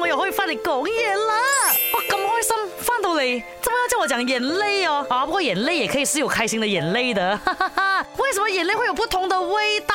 我又會翻嚟講嘢啦、哦，哇咁開心翻到嚟，仲要叫我講眼淚哦？啊，不過眼淚也可以是有開心的眼淚的哈哈哈哈，為什麼眼淚會有不同的味道？